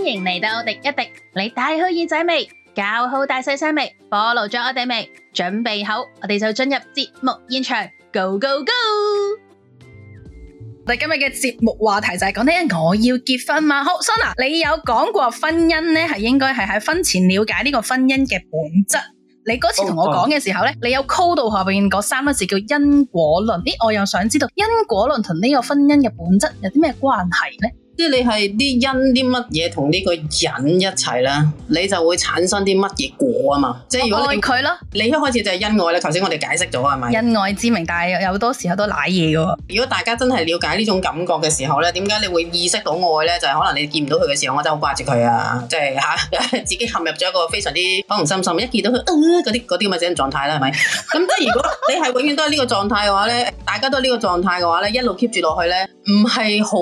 歡迎嚟到一滴一滴，你戴好耳仔未？教好大細聲未？follow 咗我哋未？準備好，我哋就進入節目現場，Go Go Go！我哋今日嘅節目話題就係講啲我要結婚嘛。好 Shona 你有講過婚姻咧係應該係喺婚前了解呢個婚姻嘅本質？你嗰次同我講嘅時候咧，oh, oh. 你有 call 到下邊嗰三個字叫因果論？咦，我又想知道因果論同呢個婚姻嘅本質有啲咩關係咧？即係你係啲因啲乜嘢同呢個人一齊啦，你就會產生啲乜嘢果啊嘛？即係如果你愛佢咯，你一開始就係因愛啦。頭先我哋解釋咗係咪？因愛之名，但係有好多時候都瀨嘢噶。如果大家真係了解呢種感覺嘅時候咧，點解你會意識到愛咧？就係、是、可能你見唔到佢嘅時候，我真係好掛住佢啊！即係吓自己陷入咗一個非常之怦然心動，一見到佢嗰啲啲咁嘅一種狀態啦，係、啊、咪？咁但係如果你係永遠都係呢個狀態嘅話咧，大家都係呢個狀態嘅話咧，一路 keep 住落去咧，唔係好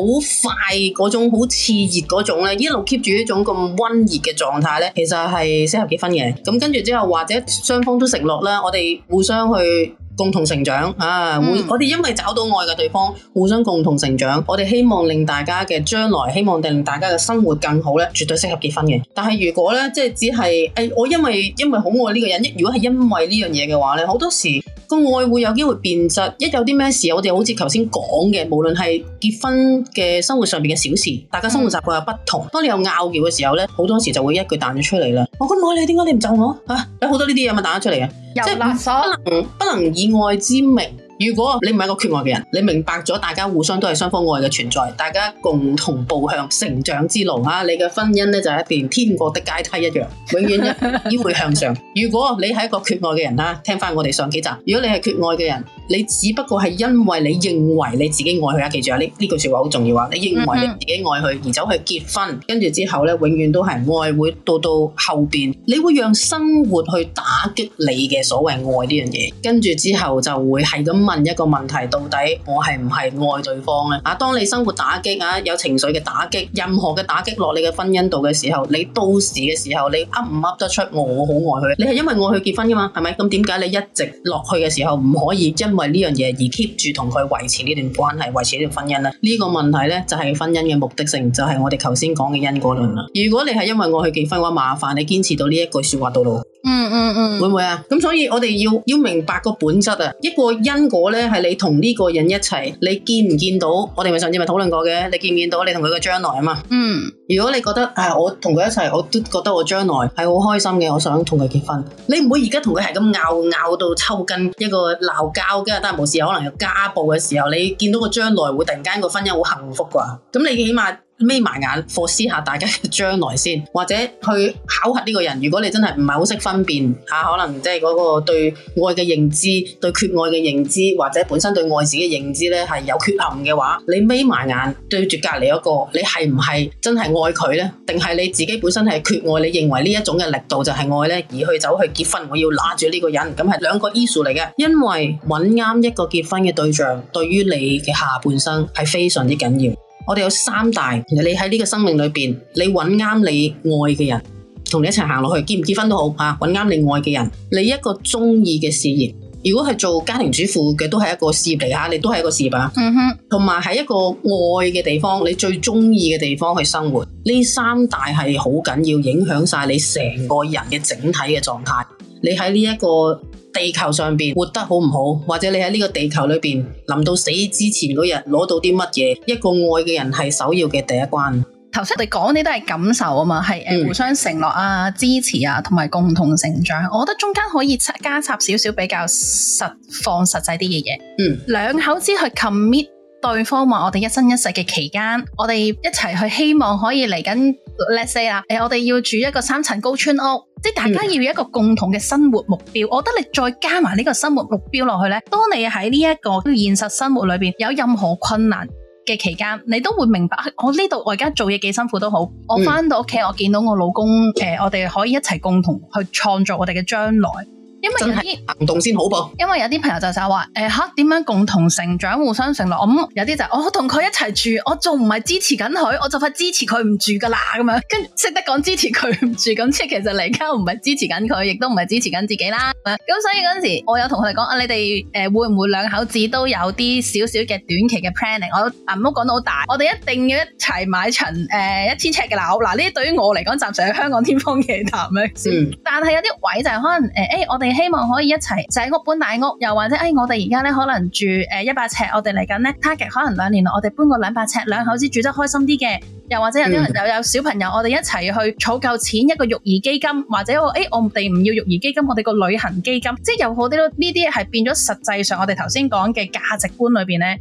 快種好熾熱嗰種咧，一路 keep 住呢種咁溫熱嘅狀態咧，其實係適合結婚嘅。咁跟住之後，或者雙方都承諾啦，我哋互相去共同成長、嗯、啊！會我哋因為找到愛嘅對方，互相共同成長，我哋希望令大家嘅將來，希望令大家嘅生活更好咧，絕對適合結婚嘅。但係如果咧，即係只係誒、哎，我因為因為好愛呢個人，如果係因為呢樣嘢嘅話咧，好多時，個愛會有機會變質，一有啲咩事，我哋好似頭先講嘅，無論係結婚嘅生活上面嘅小事，大家生活習慣有不同，當、嗯、你有拗撬嘅時候咧，好多時就會一句彈咗出嚟啦。嗯 oh, 我咁愛你，點解你唔就我？嚇、啊，有好多呢啲嘢咪彈咗出嚟嘅，即係不能不能以愛之名。如果你唔係一個缺愛嘅人，你明白咗大家互相都係雙方愛嘅存在，大家共同步向成長之路啊！你嘅婚姻呢，就係一段天國的階梯一樣，永遠一會向上。 如果你係一個缺愛嘅人啊，聽翻我哋上幾集。如果你係缺愛嘅人。你只不過係因為你認為你自己愛佢啊，記住啊，呢呢句説話好重要啊！你認為你自己愛佢而走去結婚，跟住之後咧，永遠都係愛，會到到後邊，你會讓生活去打擊你嘅所謂愛呢樣嘢。跟住之後就會係咁問一個問題：到底我係唔係愛對方咧？啊，當你生活打擊啊，有情緒嘅打擊，任何嘅打擊落你嘅婚姻度嘅時候，你到時嘅時候，你噏唔噏得出我好愛佢？你係因為愛佢結婚噶嘛？係咪？咁點解你一直落去嘅時候唔可以因因為呢樣嘢而 keep 住同佢維持呢段關係，維持呢段婚姻咧？呢個問題咧就係婚姻嘅目的性，就係我哋頭先講嘅因果論啦。如果你係因為我去結婚嘅話，麻煩你堅持到呢一句說話到老。嗯嗯嗯，會唔會啊？咁所以我哋要要明白個本質啊！一個因果咧，係你同呢個人一齊，你見唔見到？我哋咪上次咪討論過嘅，你見唔見到你？你同佢嘅將來啊嘛。嗯，如果你覺得啊、哎，我同佢一齊，我都覺得我將來係好開心嘅，我想同佢結婚。你唔會而家同佢係咁拗拗到抽筋，一個鬧交，跟住都係無事可能有家暴嘅時候，你見到個將來會突然間個婚姻好幸福啩？咁你起碼。眯埋眼，foresee 下大家嘅將來先，或者去考核呢個人。如果你真係唔係好識分辨啊，可能即係嗰個對愛嘅認知、對缺愛嘅認知，或者本身對愛自己嘅認知咧係有缺陷嘅話，你眯埋眼對住隔籬嗰個，你係唔係真係愛佢呢？」定係你自己本身係缺愛？你認為呢一種嘅力度就係愛呢？而去走去結婚，我要拉住呢個人，咁係兩個 issue 嚟嘅。因為揾啱一個結婚嘅對象，對於你嘅下半生係非常之緊要。我哋有三大，你喺呢個生命裏邊，你揾啱你愛嘅人，同你一齊行落去，結唔結婚都好吓，揾啱你愛嘅人，你一個中意嘅事業，如果係做家庭主婦嘅，都係一個事業嚟吓，你都係一個事業。嗯哼，同埋喺一個愛嘅地方，你最中意嘅地方去生活，呢三大係好緊要，影響晒你成個人嘅整體嘅狀態。你喺呢一個。地球上邊活得好唔好，或者你喺呢個地球裏邊臨到死之前嗰日攞到啲乜嘢？一個愛嘅人係首要嘅第一關。頭先我哋講啲都係感受啊嘛，係誒，互相承諾啊、嗯、支持啊，同埋共同成長。我覺得中間可以加插少少比較實，放實際啲嘅嘢。嗯，兩口子去 commit 對方嘛，我哋一生一世嘅期間，我哋一齊去希望可以嚟緊。Let’s say 啊，誒，我哋要住一個三層高村屋。即大家要有一個共同嘅生活目標，我覺得你再加埋呢個生活目標落去咧，當你喺呢一個現實生活裏邊有任何困難嘅期間，你都會明白，啊、我呢度我而家做嘢幾辛苦都好，我翻到屋企、嗯、我見到我老公，誒、呃，我哋可以一齊共同去創造我哋嘅將來。因為有啲行動先好噃，因為有啲朋友就就話，誒吓點樣共同成長、互相承諾，咁、嗯、有啲就我同佢一齊住，我仲唔係支持緊佢，我就快支持佢唔住噶啦，咁樣跟住識得講支持佢唔住，咁即係其實嚟家唔係支持緊佢，亦都唔係支持緊自己啦。咁、嗯、所以嗰陣時，我有同佢哋講啊，你哋誒、呃、會唔會兩口子都有啲少少嘅短期嘅 planning？我啊唔好講到好大，我哋一定要一齊買層誒一千尺嘅樓。嗱呢啲對於我嚟講，暫時喺香港天方夜譚咧。嗯嗯、但係有啲位就係可能誒，誒、呃欸欸、我哋。希望可以一齊細屋搬大屋，又或者誒、哎，我哋而家咧可能住誒一百尺，我哋嚟緊咧 target 可能兩年內我哋搬過兩百尺，兩口子住得開心啲嘅，又或者有啲人又有小朋友，我哋一齊去儲夠錢一個育兒基金，或者、哎、我誒我哋唔要育兒基金，我哋個旅行基金，即係有好多呢啲係變咗實際上我哋頭先講嘅價值觀裏邊咧。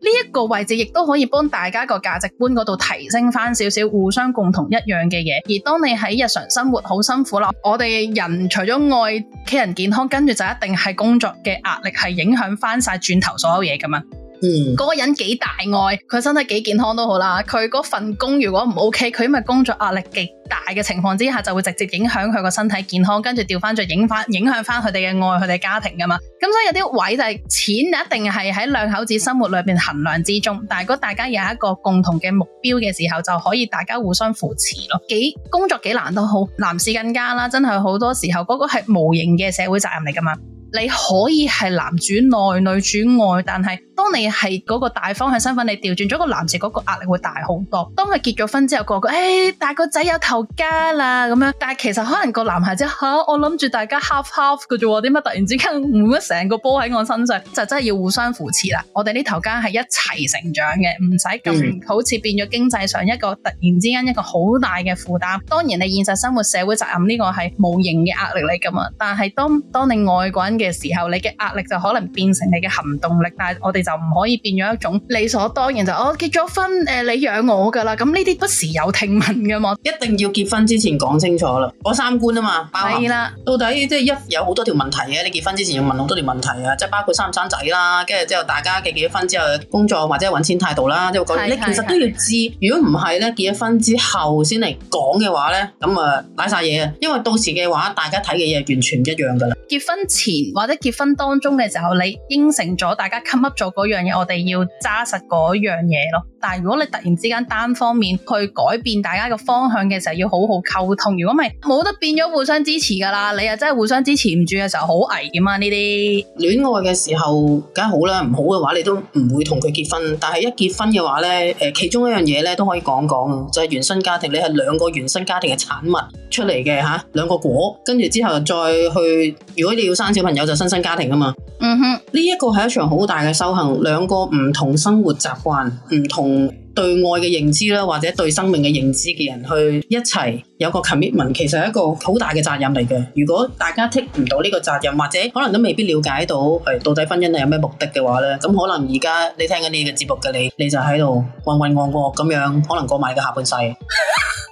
呢一個位置亦都可以幫大家個價值觀嗰度提升翻少少，互相共同一樣嘅嘢。而當你喺日常生活好辛苦咯，我哋人除咗愛屋企人健康，跟住就一定係工作嘅壓力係影響翻晒轉頭所有嘢㗎嘛。嗰、嗯、個人幾大愛，佢身體幾健康都好啦。佢嗰份工如果唔 OK，佢因為工作壓力極大嘅情況之下，就會直接影響佢個身體健康，跟住掉翻轉影翻影響翻佢哋嘅愛，佢哋家庭噶嘛。咁所以有啲位就係、是、錢一定係喺兩口子生活裏邊衡量之中。但係如果大家有一個共同嘅目標嘅時候，就可以大家互相扶持咯。幾工作幾難都好，男士更加啦，真係好多時候嗰、那個係無形嘅社會責任嚟噶嘛。你可以係男主內、內女主外，但係當你係嗰個大方向身份，你調轉咗個男士，嗰個壓力會大好多。當佢結咗婚之後，個個誒，但、哎、大個仔有頭家啦咁樣，但係其實可能個男孩仔吓、啊，我諗住大家 half half 嘅啫喎，點解突然之間冇乜成個波喺我身上？就真係要互相扶持啦。我哋呢頭家係一齊成長嘅，唔使咁好似變咗經濟上一個突然之間一個好大嘅負擔。當然你現實生活社會責任呢、這個係無形嘅壓力嚟㗎嘛，但係當當你外國人。嘅時候，你嘅壓力就可能變成你嘅行動力，但係我哋就唔可以變咗一種理所當然就哦，結咗婚，誒、呃、你養我噶啦，咁呢啲不時有聽聞嘅嘛，一定要結婚之前講清楚啦，我三觀啊嘛，係啦，的到底即係一有好多條問題嘅，你結婚之前要問好多條問題啊，即係包括生唔生仔啦，跟住之後大家嘅結咗婚之後工作或者係揾錢態度啦，即係講呢，的其實都要知，的如果唔係咧，結咗婚之後先嚟講嘅話咧，咁啊瀨晒嘢啊，因為到時嘅話大家睇嘅嘢完全唔一樣噶啦，結婚前。或者結婚當中嘅時候，你應承咗大家 commit 咗嗰樣嘢，我哋要揸實嗰樣嘢咯。但係如果你突然之間單方面去改變大家嘅方向嘅時候，要好好溝通。如果唔係冇得變咗互相支持噶啦，你又真係互相支持唔住嘅時候，好危險啊！呢啲戀愛嘅時候梗係好啦，唔好嘅話你都唔會同佢結婚。但係一結婚嘅話咧，誒，其中一樣嘢咧都可以講講，就係原生家庭。你係兩個原生家庭嘅產物出嚟嘅嚇，兩個果跟住之後再去，如果你要生小朋友。有就新生家庭啊嘛，嗯哼，呢一個係一場好大嘅修行，兩個唔同生活習慣，唔同對愛嘅認知啦，或者對生命嘅認知嘅人去一齊有個 commitment，其實係一個好大嘅責任嚟嘅。如果大家剔唔到呢個責任，或者可能都未必了解到誒、哎，到底婚姻係有咩目的嘅話咧，咁可能而家你在聽緊呢個節目嘅你，你就喺度渾渾噩噩咁樣，可能過埋你嘅下半世。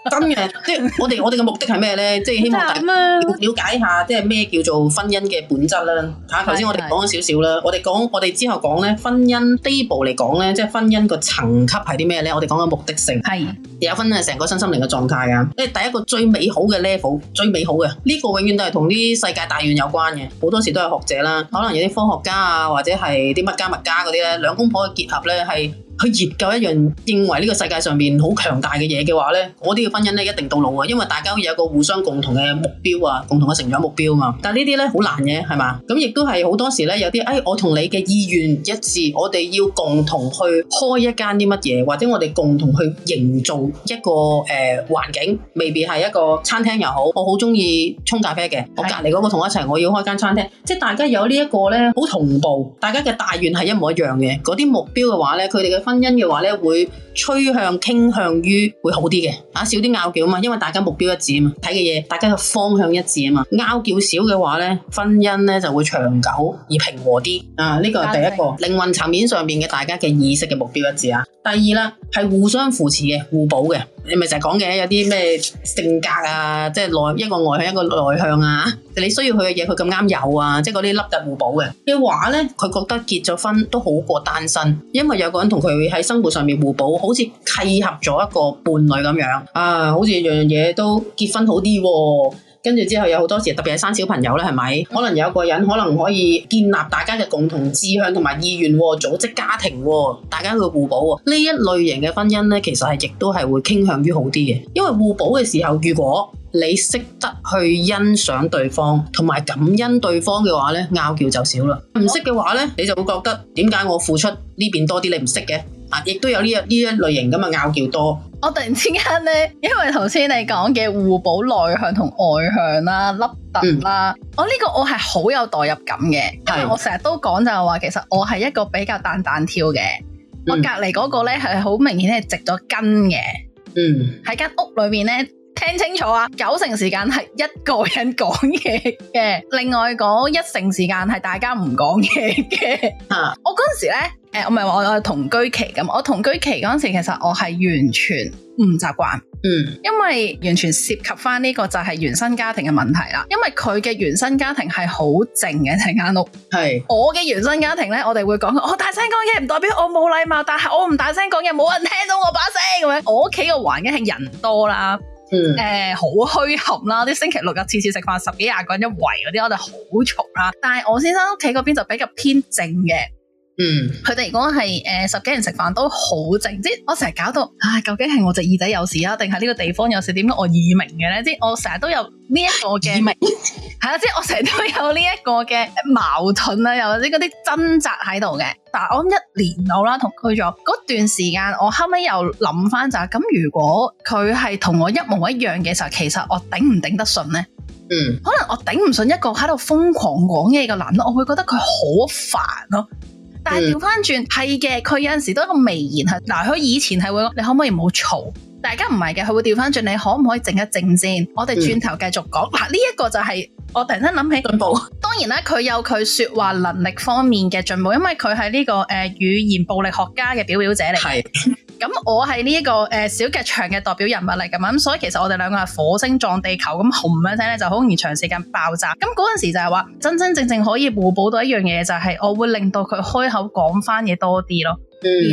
真嘅，即係我哋我哋嘅目的係咩咧？即係希望大家了解一下，即係咩叫做婚姻嘅本質啦。睇頭先我哋講咗少少啦，我哋講我哋之後講咧，婚姻第一步嚟講咧，即係婚姻個層級係啲咩？我哋講嘅目的性係有分咧，成個身心靈嘅狀態啊。即係第一個最美好嘅 level，最美好嘅呢個永遠都係同啲世界大願有關嘅。好多時都係學者啦，可能有啲科學家啊，或者係啲乜家物家嗰啲咧，兩公婆嘅結合咧係去研究一樣認為呢個世界上面好強大嘅嘢嘅話呢，我啲嘅婚姻呢一定到老啊，因為大家有個互相共同嘅目標啊，共同嘅成長目標啊。但係呢啲呢好難嘅，係嘛？咁亦都係好多時呢，有啲，哎，我同你嘅意願一致，我哋要共同去開一間啲乜嘢，或者我哋共同去營造一個誒、呃、環境，未必係一個餐廳又好，我好中意沖咖啡嘅，的我隔離嗰個同一齊，我要開間餐廳，即係大家有呢一個呢，好同步，大家嘅大願係一模一樣嘅，嗰啲目標嘅話呢，佢哋嘅。婚姻嘅話咧，會趨向傾向於會好啲嘅，啊少啲拗撬啊嘛，因為大家目標一致啊嘛，睇嘅嘢大家嘅方向一致啊嘛，拗撬少嘅話咧，婚姻咧就會長久而平和啲啊，呢、這個係第一個靜靈魂層面上面嘅大家嘅意識嘅目標一致啊，第二啦。係互相扶持嘅、互補嘅，你咪成日講嘅有啲咩性格啊，即係內一個外向一個內向啊，你需要佢嘅嘢佢咁啱有啊，即係嗰啲凹凸互補嘅嘅話咧，佢覺得結咗婚都好過單身，因為有個人同佢喺生活上面互補，好似契合咗一個伴侶咁樣啊，好似樣樣嘢都結婚好啲，啊。跟住之後有好多時，特別係生小朋友咧，係咪？可能有個人可能可以建立大家嘅共同志向同埋意願，組織家庭，大家會互補。呢一類型嘅婚姻呢，其實係亦都係會傾向於好啲嘅，因為互補嘅時候，如果你識得去欣賞對方同埋感恩對方嘅話呢，拗撬就少啦。唔識嘅話呢，你就會覺得點解我付出呢邊多啲，你唔識嘅？啊、亦都有呢一呢一類型噶嘛，拗撬多。我突然之間咧，因為頭先你講嘅互補內向同外向啦、啊、凹凸啦、啊，我呢、嗯哦這個我係好有代入感嘅，因為我成日都講就係話，其實我係一個比較彈彈跳嘅，嗯、我隔籬嗰個咧係好明顯係直咗根嘅。嗯，喺間屋裏面咧，聽清楚啊，九成時間係一個人講嘢嘅，另外講一成時間係大家唔講嘢嘅。啊，我嗰陣時咧。誒、欸，我唔係話我我同居期咁，我同居期嗰陣時，其實我係完全唔習慣，嗯，因為完全涉及翻呢個就係原生家庭嘅問題啦。因為佢嘅原生家庭係好靜嘅一間屋，係是我嘅原生家庭咧，我哋會講我、哦、大聲講嘢唔代表我冇禮貌，但係我唔大聲講嘢，冇人聽到我把聲咁樣。我屋企嘅環境係人多啦，誒、嗯，好虛冚啦，啲星期六日次次食飯十幾廿個人一圍嗰啲，我就好嘈啦。但係我先生屋企嗰邊就比較偏靜嘅。嗯，佢哋如果係誒、呃、十幾人食飯都好靜，即係我成日搞到啊，究竟係我隻耳仔有事啊，定係呢個地方有事？點解我耳鳴嘅咧？即係我成日都有呢一個嘅、耳鳴，係啊，即係我成日都有呢一個嘅矛盾啦，又或者嗰啲掙扎喺度嘅。但係我諗一年到啦，同佢咗嗰段時間，我後尾又諗翻就咁，如果佢係同我一模一樣嘅時候，其實我頂唔頂得順咧？嗯，可能我頂唔順一個喺度瘋狂講嘢嘅男，我會覺得佢好煩咯。但係調翻轉係嘅。佢有陣時都咁微言係。嗱、啊、佢以前係會，你可唔可以唔好嘈？大家唔係嘅。佢會調翻轉，你可唔可以靜一靜先？我哋轉頭繼續講。嗱、嗯，呢一個就係我突然間諗起進步。當然啦，佢有佢說話能力方面嘅進步，因為佢係呢個誒、呃、語言暴力學家嘅表表者嚟。咁我係呢一個誒小劇場嘅代表人物嚟噶嘛，咁所以其實我哋兩個係火星撞地球咁，轟一聲咧就好容易長時間爆炸。咁嗰陣時就係話真真正正可以互補到一樣嘢，就係、是、我會令到佢開口講翻嘢多啲咯。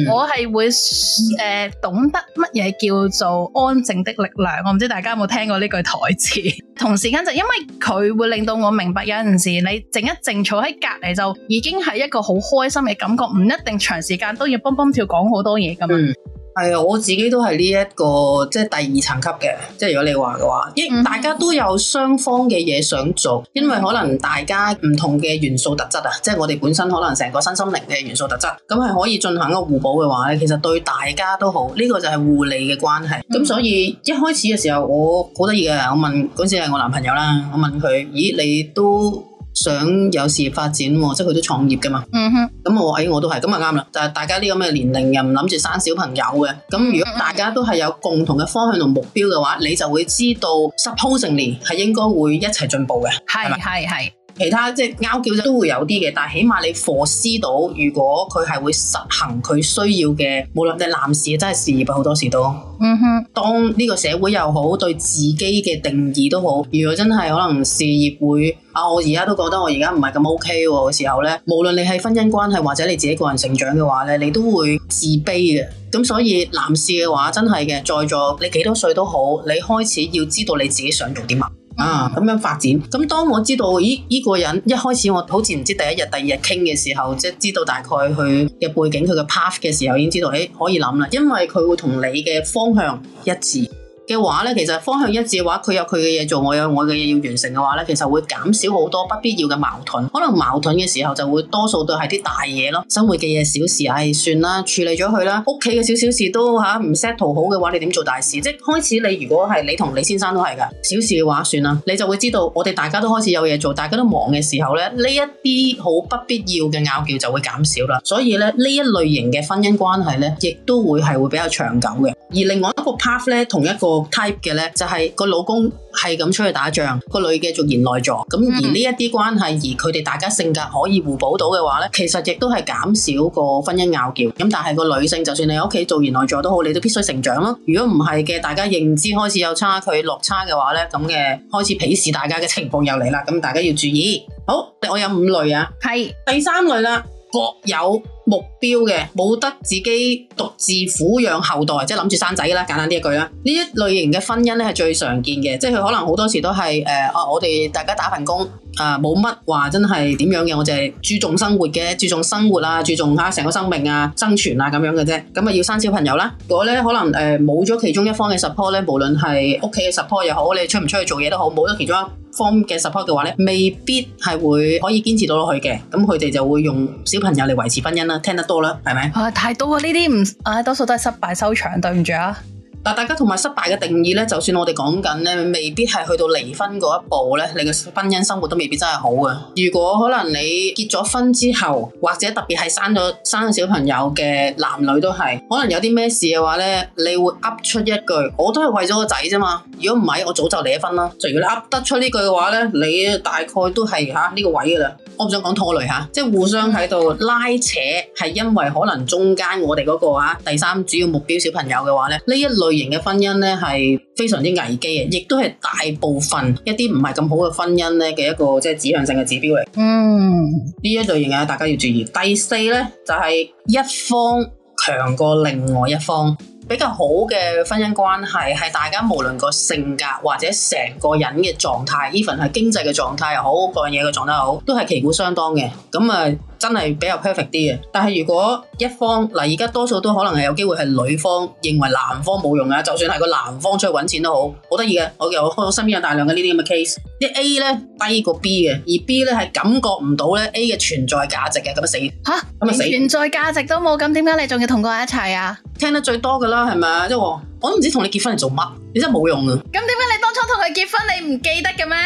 我係會誒、呃、懂得乜嘢叫做安靜的力量，我唔知大家有冇聽過呢句台詞？同時間就因為佢會令到我明白有，有陣時你靜一靜坐喺隔籬就已經係一個好開心嘅感覺，唔一定長時間都要蹦蹦跳講好多嘢咁樣。 係啊，我自己都係呢一個即係第二層級嘅，即係如果你話嘅話，因大家都有雙方嘅嘢想做，因為可能大家唔同嘅元素特質啊，即係我哋本身可能成個身心靈嘅元素特質，咁係可,可以進行一個互補嘅話咧，其實對大家都好，呢、呢個就係互利嘅關係。咁所以一開始嘅時候，我好得意嘅，我問嗰時係我男朋友啦，我問佢，咦你都？想有事業發展喎，即係佢都創業㗎嘛。嗯哼，咁我誒、哎、我都係，咁啊啱啦。但係大家呢咁嘅年齡又唔諗住生小朋友嘅，咁如果大家都係有共同嘅方向同目標嘅話，你就會知道，supposing 年係應該會一齊進步嘅。係係係。吧其他即係拗撬，都會有啲嘅，但係起碼你 foresight 到，如果佢係會實行佢需要嘅，無論你男士啊，真係事業好多時都，嗯哼。當呢個社會又好，對自己嘅定義都好，如果真係可能事業會啊，我而家都覺得我而家唔係咁 OK 嘅時候呢，無論你係婚姻關係或者你自己個人成長嘅話呢，你都會自卑嘅。咁所以男士嘅話真係嘅，在座你幾多歲都好，你開始要知道你自己想做啲乜。啊，咁樣發展。咁、嗯、當我知道，咦呢個人一開始我好似唔知第一日第二日傾嘅時候，即係知道大概佢嘅背景、佢嘅 path 嘅時候，已經知道誒、哎、可以諗啦，因為佢會同你嘅方向一致，嘅話呢，其實方向一致嘅話，佢有佢嘅嘢做，我有我嘅嘢要完成嘅話呢，其實會減少好多不必要嘅矛盾。可能矛盾嘅時候就會多數都係啲大嘢咯。生活嘅嘢小事，唉、哎，算啦，處理咗佢啦。屋企嘅小小事都吓唔 set 好嘅話，你點做大事？即係開始你，你如果係你同你先生都係噶小事嘅話，算啦，你就會知道，我哋大家都開始有嘢做，大家都忙嘅時候呢，呢一啲好不必要嘅拗撬就會減少啦。所以呢，呢一類型嘅婚姻關係呢，亦都會係會比較長久嘅。而另外一個 path 咧，同一個 type 嘅咧，就係、是、個老公係咁出去打仗，個女嘅做賢內助。咁、嗯、而呢一啲關係，而佢哋大家性格可以互補到嘅話咧，其實亦都係減少個婚姻拗撬。咁但係個女性，就算你喺屋企做賢內助都好，你都必須成長咯。如果唔係嘅，大家認知開始有差距、落差嘅話咧，咁嘅開始鄙視大家嘅情況又嚟啦。咁大家要注意。好，我有五類啊，係是第三類啦。各有目標嘅，冇得自己獨自撫養後代，即係諗住生仔啦。簡單啲一句啦，呢一類型嘅婚姻咧係最常見嘅，即係佢可能好多時都係誒、呃，啊我哋大家打份工，啊冇乜話真係點樣嘅，我哋係注重生活嘅，注重生活啊，注重下成個生命啊，生存啊咁樣嘅啫。咁啊要生小朋友啦，如果咧可能誒冇咗其中一方嘅 support 咧，無論係屋企嘅 support 又好，你出唔出去做嘢都好，冇咗其中一方嘅 support 嘅話咧，未必係會可以堅持到落去嘅，咁佢哋就會用小朋友嚟維持婚姻啦，聽得多啦，係咪？啊，太多啊，呢啲唔，啊多數都係失敗收場，對唔住啊！但大家同埋失敗嘅定義呢，就算我哋講緊呢，未必係去到離婚嗰一步呢。你嘅婚姻生活都未必真係好嘅。如果可能你結咗婚之後，或者特別係生咗生咗小朋友嘅男女都係，可能有啲咩事嘅話呢，你會噏出一句，我都係為咗個仔啫嘛。如果唔係，我早就離咗婚啦。就如果你噏得出呢句嘅話呢，你大概都係嚇呢個位㗎啦。我唔想講拖累嚇，即係互相喺度拉扯，係因為可能中間我哋嗰個啊第三主要目標小朋友嘅話呢，呢一類類型嘅婚姻呢係非常之危機嘅，亦都係大部分一啲唔係咁好嘅婚姻呢嘅一個即係指向性嘅指標嚟。嗯，呢一類型嘅、啊、大家要注意。第四呢，就係、是、一方強過另外一方。比較好嘅婚姻關係係大家無論個性格或者成個人嘅狀態，even 係經濟嘅狀態又好，各樣嘢嘅狀態又好，都係旗鼓相當嘅。咁啊。真係比較 perfect 啲嘅，但係如果一方嗱，而家多數都可能係有機會係女方認為男方冇用啊，就算係個男方出去揾錢都好，好得意嘅，我有我身邊有大量嘅呢啲咁嘅 case，啲 A 呢，低過 B 嘅，而 B 呢係感覺唔到呢 A 嘅存在價值嘅，咁啊死嚇，咁啊死，死啊存在價值都冇，咁點解你仲要同個人一齊啊？聽得最多㗎啦，係咪啊？即係我都唔知同你結婚嚟做乜，你真係冇用啊！咁點解你當初同佢結婚你唔記得嘅咩？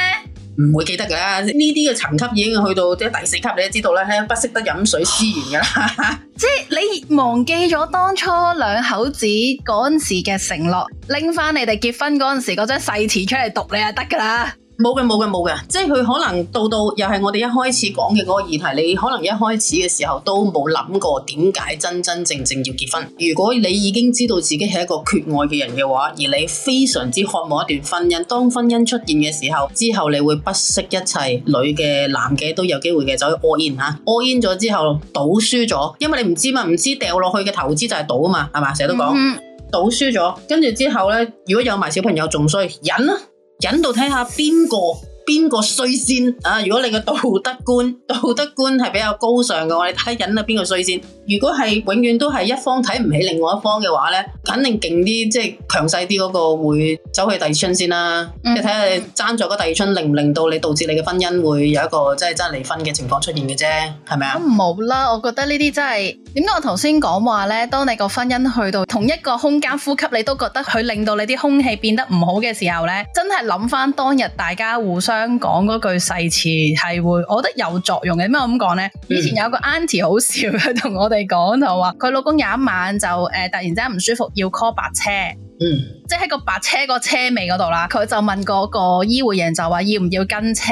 唔會記得噶啦，呢啲嘅層級已經去到即係第四級，你都知道咧，不識得飲水思源噶啦， 即係你忘記咗當初兩口子嗰陣時嘅承諾，拎翻你哋結婚嗰陣時嗰張誓詞出嚟讀你就得噶啦。冇嘅，冇嘅，冇嘅，即係佢可能到到又係我哋一開始講嘅嗰個議題，你可能一開始嘅時候都冇諗過點解真真正正正要結婚。如果你已經知道自己係一個缺愛嘅人嘅話，而你非常之渴望一段婚姻，當婚姻出現嘅時候，之後你會不惜一切，女嘅、男嘅都有機會嘅，走去 all in 吓、啊、all in 咗之後賭輸咗，因為你唔知嘛，唔知掉落去嘅投資就係賭啊嘛，係嘛，成日都講、嗯、哼賭輸咗，跟住之後呢，如果有埋小朋友仲衰，忍啦、啊。引導睇下邊個邊個衰先啊！如果你個道德觀道德觀係比較高尚嘅話，我你睇引導邊個衰先。如果係永遠都係一方睇唔起另外一方嘅話咧，肯定勁啲即係強勢啲嗰個會走去第二春先啦、啊。即睇下爭咗個第二春令唔令到你導致你嘅婚姻會有一個即係真係離婚嘅情況出現嘅啫，係咪啊？冇啦，我覺得呢啲真係。點解我頭先講話咧？當你個婚姻，去到同一個空間呼吸，你都覺得佢令到你啲空氣變得唔好嘅時候咧，真係諗翻當日大家互相講嗰句誓詞係會，我覺得有作用嘅。點解我咁講咧？嗯、以前有個 auntie 好笑，佢 同我哋講就話，佢老公有一晚就誒、呃、突然之間唔舒服，要 call 白車。嗯，即係喺個白車個車尾嗰度啦，佢就問嗰個醫護人就話要唔要跟車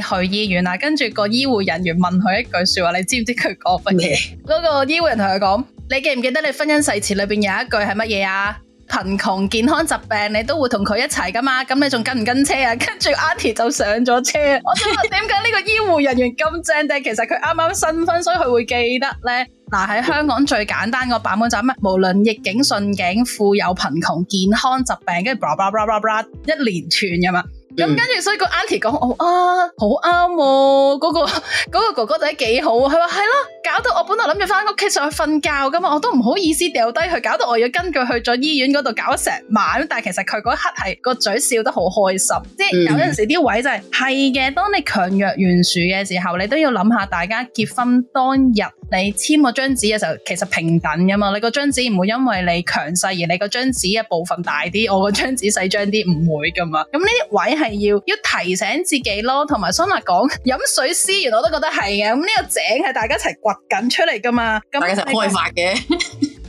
去醫院啦、啊，跟住個醫護人員問佢一句說話，你知唔知佢講乜嘢？嗰、嗯、個醫護人員同佢講，你記唔記得你婚姻誓詞裏邊有一句係乜嘢啊？貧窮、健康、疾病，你都會同佢一齊噶嘛？咁你仲跟唔跟車啊？跟住阿 T 就上咗車，我想問點解呢個醫護人員咁正，但係其實佢啱啱新婚，所以佢會記得咧。嗱，喺香港最簡單個版本就係、是、咩？無論逆境順境、富有貧窮、健康疾病，跟住 blah blah blah blah blah 一連串㗎嘛。咁、嗯、跟住，所以個 t 姨講：我、哦、啊，好啱、哦，嗰、那個嗰、那個哥哥仔幾好、啊。佢話係咯，搞到我本來諗住翻屋企上去瞓覺噶嘛，我都唔好意思掉低佢，搞到我要跟佢去咗醫院嗰度搞成晚。但係其實佢嗰刻係個嘴笑得好開心，即係有陣時啲位就係係嘅。當你強弱懸殊嘅時候，你都要諗下，大家結婚當日你簽嗰張紙嘅時候，其實平等噶嘛。你嗰張紙唔會因為你強勢而你嗰張紙嘅部分大啲，我嗰張紙細張啲，唔會噶嘛。咁呢啲位。係要要提醒自己咯，同埋桑娜講飲水思源，我都覺得係嘅。咁呢個井係大家一齊掘緊出嚟噶嘛，大家一齊開發嘅。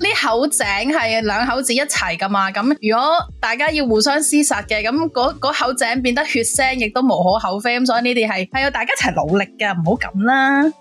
呢口井係兩口子一齊噶嘛，咁如果大家要互相廝殺嘅，咁嗰嗰口井變得血腥，亦都無可厚非。咁所以呢啲係係要大家一齊努力噶，唔好咁啦。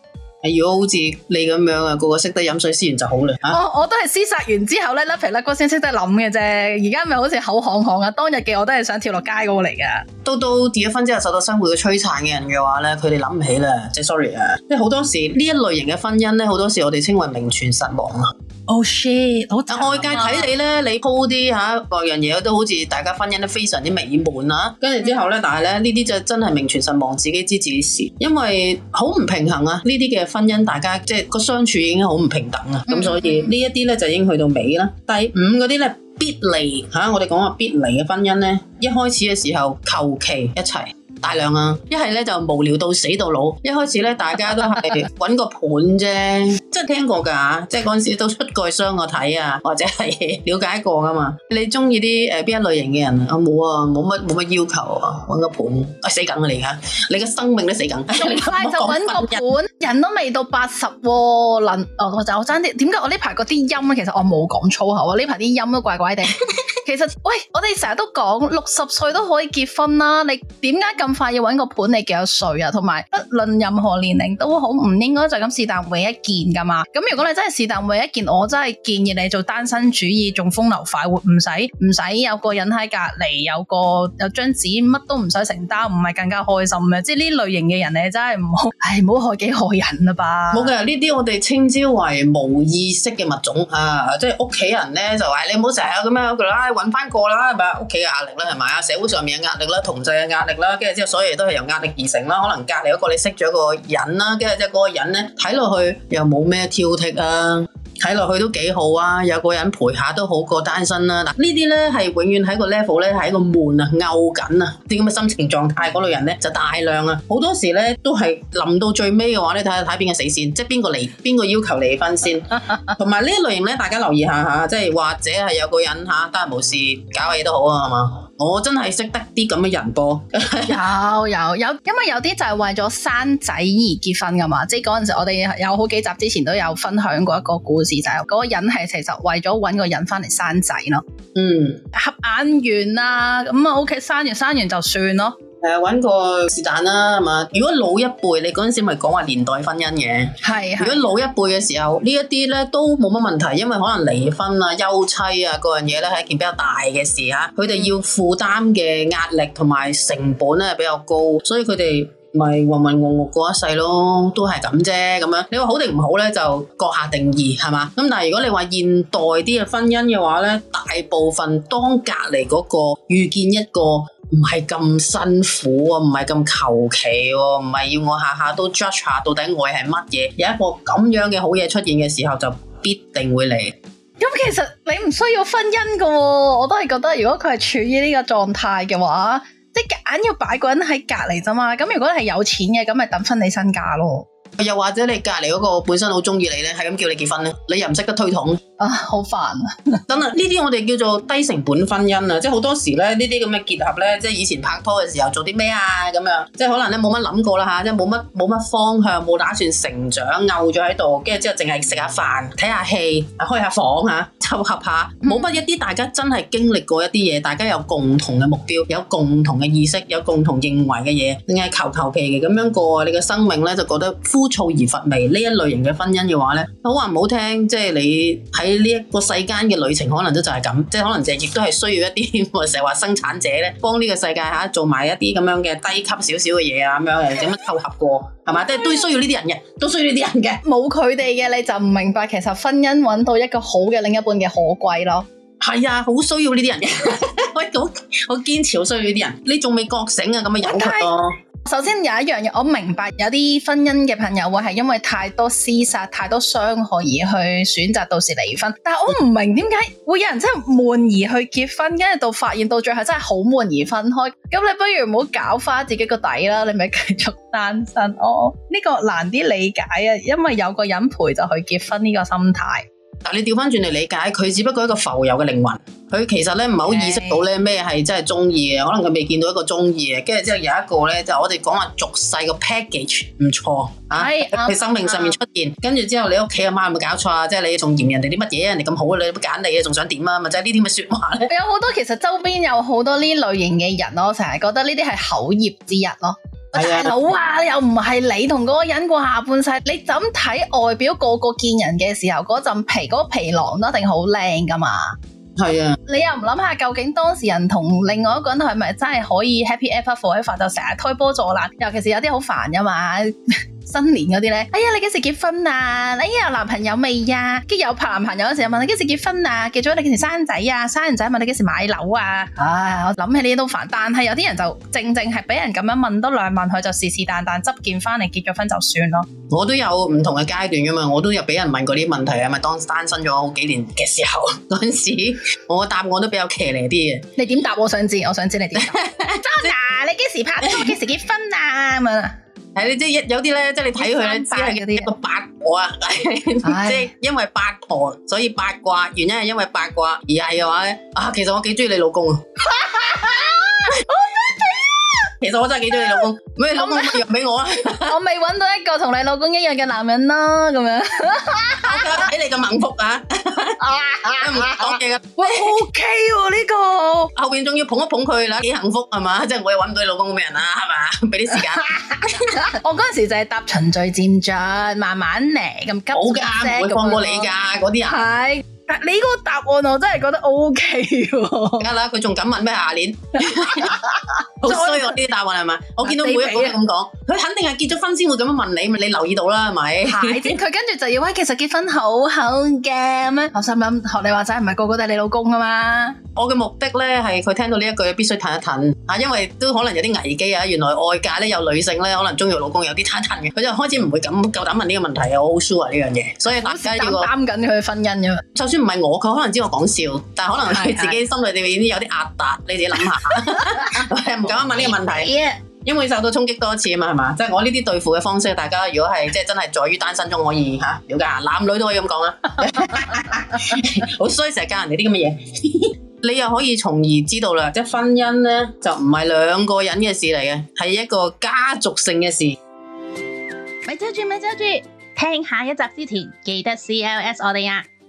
如果好似你咁樣啊，個個識得飲水思源就好啦。我我都係廝殺完之後咧，甩皮甩骨先識得諗嘅啫。而家咪好似口行行啊，當日嘅我都係想跳落街嗰個嚟噶。到到結咗婚之後受到生活嘅摧殘嘅人嘅話咧，佢哋諗唔起啦，即係 sorry 啊。即係好多時呢一類型嘅婚姻咧，好多時我哋稱為名存實亡啊。哦、oh, shit！好、啊啊，外界睇你咧，你鋪啲吓各樣嘢都好似大家婚姻都非常之美滿啊。跟住之後咧，但係咧呢啲就真係名存實亡，自己知自己事，因為好唔平衡啊。呢啲嘅婚姻，大家即係個相處已經好唔平等啊。咁、嗯嗯、所以呢一啲咧就已經去到尾啦。第五嗰啲咧必離吓、啊，我哋講話必離嘅婚姻咧，一開始嘅時候求其一齊。大量啊！一係咧就無聊到死到老。一開始咧，大家都係揾個盤啫， 即係聽過㗎，即係嗰陣時到出去相個睇啊，或者係了解過㗎嘛。你中意啲誒邊一類型嘅人啊？冇啊，冇乜冇乜要求啊，揾個盤啊，死梗啊你而家，你個生命都死梗，快就揾個盤，哎、個盤 人都未到八十喎，能哦我就爭啲。我點解我呢排嗰啲音咧？其實我冇講粗口啊，呢排啲音都怪怪地。 其實喂，我哋成日都講六十歲都可以結婚啦，你點解咁？咁快要揾個伴，你幾有罪幾多歲啊？同埋不論任何年齡都好，唔應該就咁是但為一件噶嘛。咁如果你真係是但為一件，我真係建議你做單身主義，仲風流快活，唔使唔使有個人喺隔籬，有個有張紙，乜都唔使承擔，唔係更加開心咩？即係呢類型嘅人你真係唔好，唉，唔好害己害人啦吧。冇嘅，呢啲我哋稱之為無意識嘅物種啊，即係屋企人咧就係就話你唔好成日咁樣，佢啦揾翻個啦，係咪？屋企嘅壓力啦，係咪啊？社會上面嘅壓力啦，同濟嘅壓力啦，所以都係由壓力而成啦，可能隔籬嗰個你識咗一個人啦，跟住即係嗰個人咧睇落去又冇咩挑剔啊，睇落去都幾好啊，有個人陪下都好過單身啦、啊。嗱，呢啲咧係永遠喺個 level 咧喺一個悶啊，漚緊啊，啲咁嘅心情狀態嗰類人咧就大量啊，好多時咧都係臨到最尾嘅話咧睇下睇邊個死先，即係邊個離邊個要求離婚先。同埋呢一類型咧，大家留意下吓，即係或者係有個人吓，得閒冇事搞嘢都好啊，係嘛。我真係識得啲咁嘅人多 ，有有有，因為有啲就係為咗生仔而結婚噶嘛，即係嗰陣時我哋有好幾集之前都有分享過一個故事，就係、是、嗰個人係其實為咗搵個人翻嚟生仔咯，嗯，合眼緣啦，咁啊，O K，生完生完就算咯。誒，搵個是但啦，係嘛？如果老一輩，你嗰陣時咪講話年代婚姻嘅，係。是是 如果老一輩嘅時候，呢一啲咧都冇乜問題，因為可能離婚啊、休妻啊嗰樣嘢咧係一件比較大嘅事吓，佢哋要負擔嘅壓力同埋成本咧比較高，所以佢哋咪渾渾噩噩過一世咯，都係咁啫，咁樣你話好定唔好咧，就各下定義係嘛？咁但係如果你話現代啲嘅婚姻嘅話咧，大部分當隔籬嗰個遇見一個。唔係咁辛苦啊，唔係咁求其喎，唔係要我下下都 judge 下到底愛係乜嘢。有一個咁樣嘅好嘢出現嘅時候，就必定會嚟。咁其實你唔需要婚姻噶，哦，我都係覺得如果佢係處於呢個狀態嘅話，即係硬要擺個人喺隔籬啫嘛。咁如果係有錢嘅，咁咪等返你身價咯。又或者你隔籬嗰個本身好中意你咧，係咁叫你結婚咧，你又唔識得推搪。啊，好煩啊！ 等啊，呢啲我哋叫做低成本婚姻啊，即係好多時咧，呢啲咁嘅結合咧，即係以前拍拖嘅時候做啲咩啊咁樣，即係可能咧冇乜諗過啦吓，即係冇乜冇乜方向，冇打算成長，拗咗喺度，跟住之後淨係食下飯，睇下戲，開下房吓，湊、啊、合下，冇乜一啲大家真係經歷過一啲嘢，大家有共同嘅目標，有共同嘅意識，有共同認為嘅嘢，淨係求求其嘅咁樣過你嘅生命咧，就覺得枯燥而乏味。呢一類型嘅婚姻嘅話咧，好話唔好聽，即係你喺。喺呢一個世間嘅旅程，可能都就係咁，即係可能就係亦都係需要一啲我成日話生產者咧，幫呢個世界吓做埋一啲咁樣嘅低級少少嘅嘢啊咁樣，整乜湊合過，係嘛？即係 Okay. 都需要呢啲人嘅，都需要呢啲人嘅，冇佢哋嘅你就唔明白，其實婚姻揾到一個好嘅另一半嘅可貴咯。係啊，好需要呢啲人嘅，我 好 我堅持好需要呢啲人，你仲未覺醒啊？咁嘅佢咯。首先有一樣嘢，我明白有啲婚姻嘅朋友會係因為太多廝殺、太多傷害而去選擇到時離婚。但係我唔明點解會有人真係悶而去結婚，跟住到發現到最後真係好悶而分開。咁你不如唔好搞花自己個底啦，你咪繼續單身哦。呢個難啲理解啊，因為有個人陪就去結婚呢個心態。但你調翻轉嚟理解，佢只不過一個浮游嘅靈魂，佢其實咧唔係好意識到咧咩係真係中意嘅，可能佢未見到一個中意嘅，跟住之後有一個咧就我哋講話俗世個 package 唔錯啊，喺佢、啊、生命上面出現，跟住、啊、之後你屋企阿媽有冇搞錯啊？即係你仲嫌人哋啲乜嘢？人哋咁好你都揀你啊？仲想點啊？咪就係呢啲嘅說話咧？有好多其實周邊有好多呢類型嘅人咯，成日覺得呢啲係口業之一咯。大佬啊，啊又唔係你同嗰個人過下、啊、半世，你怎睇外表個個見人嘅時候嗰陣皮嗰、嗰個、皮囊都一定好靚噶嘛？係啊，你又唔諗下究竟當事人同另外一個人係咪真係可以 happy ever forever 就成日推波助瀾，尤其是有啲好煩噶嘛？ 新年嗰啲咧，哎呀，你幾時結婚啊？哎呀，有男朋友未呀、啊？跟住有拍男朋友嗰時又問你幾時結婚啊？結咗你幾時生仔啊？生完仔問你幾時買樓啊？唉，我諗起呢啲都煩。但係有啲人就正正係俾人咁樣問多兩問，佢就是是但但執件翻嚟結咗婚就算咯。我都有唔同嘅階段噶嘛，我都有俾人問嗰啲問題啊，咪當單身咗好幾年嘅時候嗰陣時，我答我都比較騎呢啲嘅。 你點答我？我想知，我想知你點答。渣娜 是、啊，你幾時拍拖？幾時結婚啊？咁樣、啊。係你即係有啲咧，即係你睇佢咧，只係一個八婆，即係、哎、呀 因為八婆，所以八卦原因係因為八卦而係嘅話咧，啊其實我幾中意你老公啊，其實我真係幾中意你老公，咩老公俾我啊？我未揾到一個同你老公一樣嘅男人啦、啊，咁樣。 俾 你咁、OK 啊呢個、 幸福啊！唔講嘢啊！喂 OK 喎，呢個後邊仲要捧一捧佢啦，幾幸福係嘛？即係我又搵到你老公咁嘅人啦、啊，係嘛？俾啲時間 我嗰陣時就係搭循序漸進，慢慢嚟咁急，冇噶、啊，唔會放過你噶嗰啲人，係。你嗰個答案我真係覺得 O K 喎，家下佢仲敢問咩下年？好衰我啲答案係咪？我見到每一輩咁講，佢肯定係結咗婚先會咁樣問你，咪你留意到啦係咪？係，即佢跟住就要話，其實結婚好好嘅咩？我心諗，學你話齋唔係個個都係你老公噶嘛？我嘅目的咧係佢聽到呢一句必須褪一褪吓，因為都可能有啲危機啊！原來外界咧有女性咧可能中意老公有啲褪一褪嘅，佢就開始唔會咁夠膽問呢個問題我好 sure 呢樣嘢，所以大家要擔緊佢婚姻噶。就算。唔係我，佢可能知我講笑，但係可能佢自己心裏頭已經有啲壓達， 你自己諗下，唔 敢問呢個問題， 因為受到衝擊多次啊嘛，係嘛？即係我呢啲對付嘅方式，大家如果係即係真係在於單身中可以吓了解，男女都可以咁講啊。好衰成日教人哋啲咁嘅嘢， 你又可以從而知道啦，即係婚姻咧就唔係兩個人嘅事嚟嘅，係一個家族性嘅事。咪遮住咪遮住，聽下一集之前記得 CLS 我哋啊！